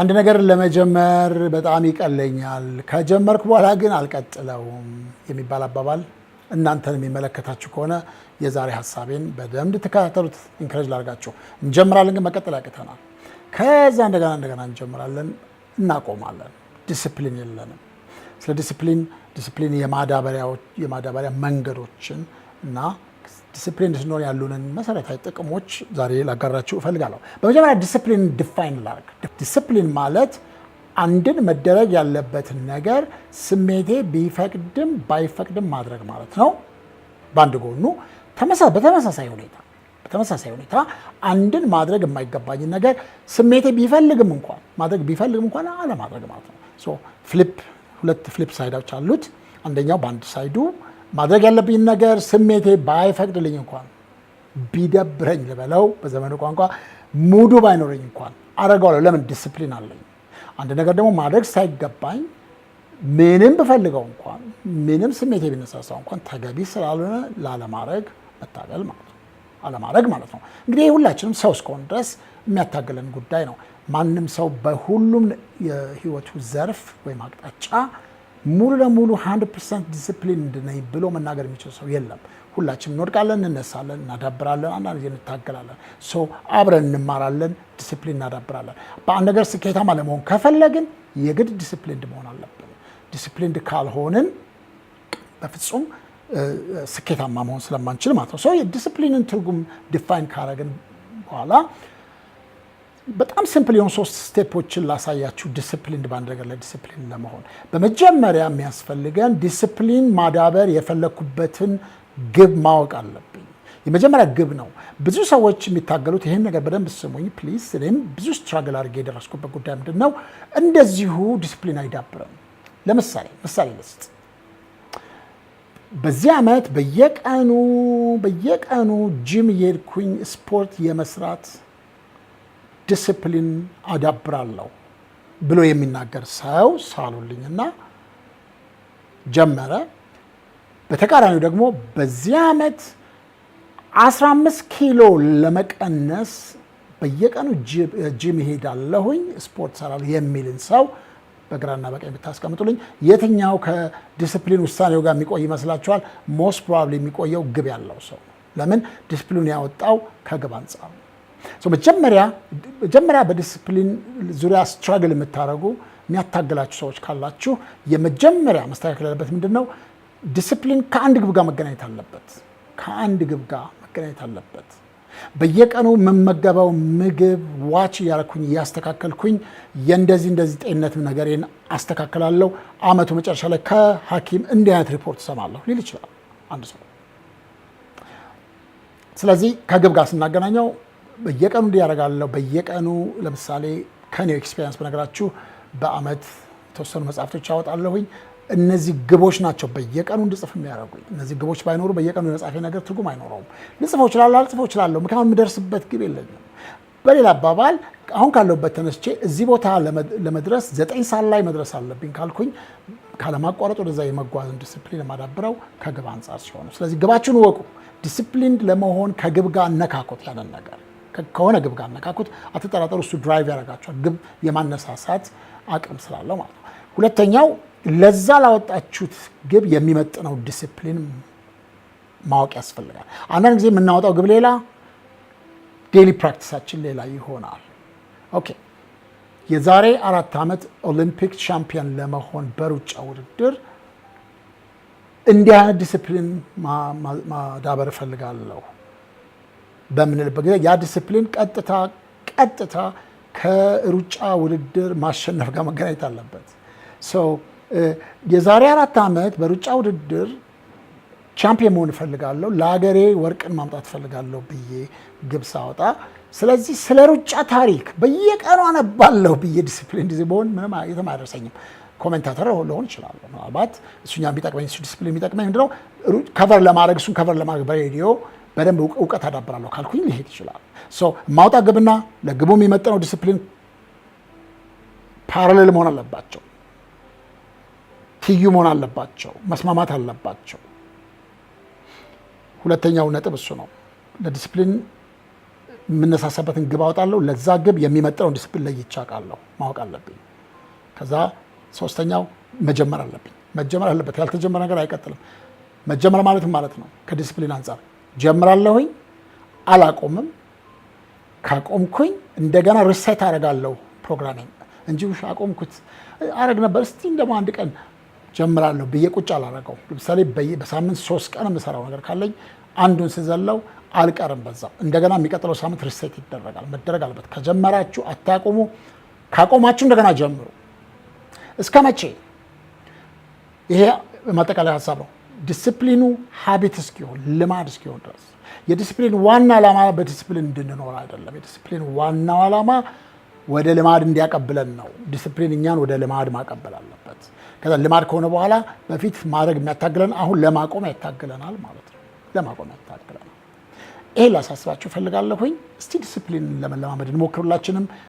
አንድ ነገር ለመጀመር በጣም ይቀለኛል፣ ከጀመርኩ በኋላ ግን አልቀጥለውም የሚባል አባባል እናንተን የሚመለከታችሁ ከሆነ የዛሬ ሀሳቤን በደንብ ተከታተሉት። ኢንከሬጅ ላድርጋችሁ። እንጀምራለን፣ ግን መቀጠል ያቅተናል። ከዛ እንደገና እንደገና እንጀምራለን፣ እናቆማለን። ዲስፕሊን የለንም። ስለ ዲስፕሊን ዲስፕሊን የማዳበሪያ መንገዶችን እና ዲስፕሊን ስኖር ያሉንን መሰረታዊ ጥቅሞች ዛሬ ላጋራችሁ እፈልጋለሁ። በመጀመሪያ ዲስፕሊን ዲፋይን ላርግ። ዲስፕሊን ማለት አንድን መደረግ ያለበትን ነገር ስሜቴ ቢፈቅድም ባይፈቅድም ማድረግ ማለት ነው። በአንድ ጎኑ በተመሳሳይ ሁኔታ በተመሳሳይ ሁኔታ አንድን ማድረግ የማይገባኝን ነገር ስሜቴ ቢፈልግም እንኳን ማድረግ ቢፈልግም እንኳን አለማድረግ ማለት ነው። ሶ ፍሊፕ ሁለት ፍሊፕ ሳይዶች አሉት። አንደኛው በአንድ ሳይዱ ማድረግ ያለብኝ ነገር ስሜቴ ባይፈቅድልኝ እንኳን ቢደብረኝ ልበለው፣ በዘመኑ ቋንቋ ሙዱ ባይኖረኝ እንኳን አደርገዋለሁ። ለምን ዲስፕሊን አለኝ። አንድ ነገር ደግሞ ማድረግ ሳይገባኝ ምንም ብፈልገው እንኳን ምንም ስሜቴ ቢነሳሳው እንኳን ተገቢ ስላልሆነ ላለማድረግ መታገል ማለት ነው፣ አለማድረግ ማለት ነው። እንግዲህ ሁላችንም ሰው እስከሆን ድረስ የሚያታግለን ጉዳይ ነው። ማንም ሰው በሁሉም የህይወቱ ዘርፍ ወይም አቅጣጫ ሙሉ ለሙሉ 100% ዲሲፕሊን ነኝ ብሎ መናገር የሚችል ሰው የለም። ሁላችንም እንወድቃለን፣ እንነሳለን፣ እናዳብራለን፣ አንዳንድ ጊዜ እንታገላለን። ሰው አብረን እንማራለን፣ ዲስፕሊን እናዳብራለን። በአንድ ነገር ስኬታማ ለመሆን ከፈለግን የግድ ዲስፕሊንድ መሆን አለብን። ዲስፕሊንድ ካልሆንን በፍጹም ስኬታማ መሆን ስለማንችል ማለት ነው። ሰው የዲስፕሊንን ትርጉም ዲፋይን ካረግን በኋላ በጣም ሲምፕል የሆኑ ሶስት ስቴፖችን ላሳያችሁ። ዲስፕሊን በአንድ ነገር ላይ ዲስፕሊን ለመሆን በመጀመሪያ የሚያስፈልገን ዲስፕሊን ማዳበር የፈለግኩበትን ግብ ማወቅ አለብኝ። የመጀመሪያ ግብ ነው። ብዙ ሰዎች የሚታገሉት ይህን ነገር በደንብ ስሙኝ ፕሊዝ። እኔም ብዙ ስትራግል አድርጌ የደረስኩበት ጉዳይ ምንድን ነው፣ እንደዚሁ ዲስፕሊን አይዳብርም። ለምሳሌ ምሳሌ ልስጥ። በዚህ ዓመት በየቀኑ በየቀኑ ጂም እየሄድኩኝ ስፖርት የመስራት ዲስፕሊን አዳብራለሁ ብሎ የሚናገር ሰው ሳሉልኝና ጀመረ። በተቃራኒው ደግሞ በዚህ ዓመት 15 ኪሎ ለመቀነስ በየቀኑ ጂም ሄዳለሁኝ፣ ስፖርት ሰራሉ የሚልን ሰው በግራና በቀኝ ብታስቀምጡልኝ የትኛው ከዲስፕሊን ውሳኔው ጋር የሚቆይ ይመስላችኋል? ሞስት ፕሮባብሊ የሚቆየው ግብ ያለው ሰው ለምን? ዲስፕሊን ያወጣው ከግብ አንጻር መጀመሪያ በዲስፕሊን ዙሪያ ስትራግል የምታደርጉ የሚያታግላችሁ ሰዎች ካላችሁ የመጀመሪያ መስተካከል ያለበት ምንድን ነው? ዲስፕሊን ከአንድ ግብ ጋር መገናኘት አለበት። ከአንድ ግብ ጋር መገናኘት አለበት። በየቀኑ የምመገበው ምግብ ዋች እያረኩኝ እያስተካከልኩኝ የእንደዚህ እንደዚህ ጤንነት ነገሬን አስተካከላለሁ፣ አመቱ መጨረሻ ላይ ከሐኪም እንዲህ አይነት ሪፖርት እሰማለሁ ሊል ይችላል አንድ ሰው። ስለዚህ ከግብ ጋር ስናገናኘው በየቀኑ እንዲያደርጋለሁ። በየቀኑ ለምሳሌ ከኔው ኤክስፔሪንስ በነገራችሁ በአመት የተወሰኑ መጽሐፍቶች አወጣለሁኝ። እነዚህ ግቦች ናቸው በየቀኑ እንድጽፍ የሚያደርጉኝ። እነዚህ ግቦች ባይኖሩ በየቀኑ የመጽሐፌ ነገር ትርጉም አይኖረውም። ልጽፈው እችላለሁ፣ አልጽፈው እችላለሁ። ምክንያቱ የምደርስበት ግብ የለኝም። በሌላ አባባል አሁን ካለሁበት ተነስቼ እዚህ ቦታ ለመድረስ ዘጠኝ ሰዓት ላይ መድረስ አለብኝ ካልኩኝ ካለማቋረጥ ወደዛ የመጓዝን ዲስፕሊን የማዳብረው ከግብ አንጻር ሲሆኑ፣ ስለዚህ ግባችሁን ወቁ። ዲስፕሊን ለመሆን ከግብ ጋር እነካኮት ያለን ነገር ከሆነ ግብ ጋር አነካኩት፣ አትጠራጠሩ፣ እሱ ድራይቭ ያደርጋቸዋል። ግብ የማነሳሳት አቅም ስላለው ማለት ነው። ሁለተኛው ለዛ ላወጣችሁት ግብ የሚመጥነው ዲስፕሊን ማወቅ ያስፈልጋል። አንዳንድ ጊዜ የምናወጣው ግብ ሌላ፣ ዴይሊ ፕራክቲሳችን ሌላ ይሆናል። ኦኬ የዛሬ አራት ዓመት ኦሊምፒክ ሻምፒዮን ለመሆን በሩጫ ውድድር እንዲህ አይነት ዲስፕሊን ማዳበር እፈልጋለሁ በምንልበት ጊዜ ያ ዲስፕሊን ቀጥታ ቀጥታ ከሩጫ ውድድር ማሸነፍ ጋር መገናኘት አለበት። የዛሬ አራት ዓመት በሩጫ ውድድር ቻምፒየን መሆን እፈልጋለሁ፣ ለሀገሬ ወርቅን ማምጣት እፈልጋለሁ ብዬ ግብ ሳወጣ፣ ስለዚህ ስለ ሩጫ ታሪክ በየቀኑ አነባለሁ ብዬ ዲስፕሊን ጊዜ በሆን ምንም የትም አያደርሰኝም። ኮሜንታተር ልሆን እችላለሁ። ምናልባት እሱኛ የሚጠቅመኝ እሱ ዲስፕሊን የሚጠቅመኝ ምንድነው? ከቨር ለማድረግ እሱን ከቨር ለማድረግ በሬዲዮ በደንብ እውቀት አዳብራለሁ ካልኩኝ ሊሄድ ይችላል። ማውጣ ግብና ለግቡ የሚመጠነው ዲስፕሊን ፓራሌል መሆን አለባቸው፣ ትዩ መሆን አለባቸው፣ መስማማት አለባቸው። ሁለተኛው ነጥብ እሱ ነው። ለዲስፕሊን የምነሳሳበትን ግብ አውጣለሁ። ለዛ ግብ የሚመጥነውን ዲስፕሊን ለይቼ አውቃለሁ፣ ማወቅ አለብኝ። ከዛ ሶስተኛው መጀመር አለብኝ። መጀመር አለበት። ያልተጀመረ ነገር አይቀጥልም። መጀመር ማለትም ማለት ነው ከዲስፕሊን አንጻር ጀምራለሁኝ፣ አላቆምም። ካቆምኩኝ እንደገና ሪሴት አደርጋለሁ ፕሮግራሜን እንጂ አቆምኩት አረግ ነበር እስቲ እንደማ አንድ ቀን ጀምራለሁ ብዬ ቁጭ አላረገው። ለምሳሌ በሳምንት ሶስት ቀን የምሰራው ነገር ካለኝ አንዱን ስዘለው አልቀርም በዛ። እንደገና የሚቀጥለው ሳምንት ሪሴት ይደረጋል፣ መደረግ አለበት። ከጀመራችሁ አታቆሙ፣ ካቆማችሁ እንደገና ጀምሩ። እስከ መቼ? ይሄ ማጠቃለያ ሀሳብ ነው። ዲስፕሊኑ ሀቢት እስኪሆን ልማድ እስኪሆን ድረስ የዲስፕሊን ዋና ዓላማ በዲስፕሊን እንድንኖር አይደለም። የዲስፕሊን ዋናው ዓላማ ወደ ልማድ እንዲያቀብለን ነው። ዲስፕሊን እኛን ወደ ልማድ ማቀበል አለበት። ከዛ ልማድ ከሆነ በኋላ በፊት ማድረግ የሚያታግለን አሁን ለማቆም ያታግለናል ማለት ነው። ለማቆም ያታግለናል። ይሄ ላሳስባችሁ እፈልጋለሁኝ። እስቲ ዲስፕሊን ለመለማመድ እንሞክርላችንም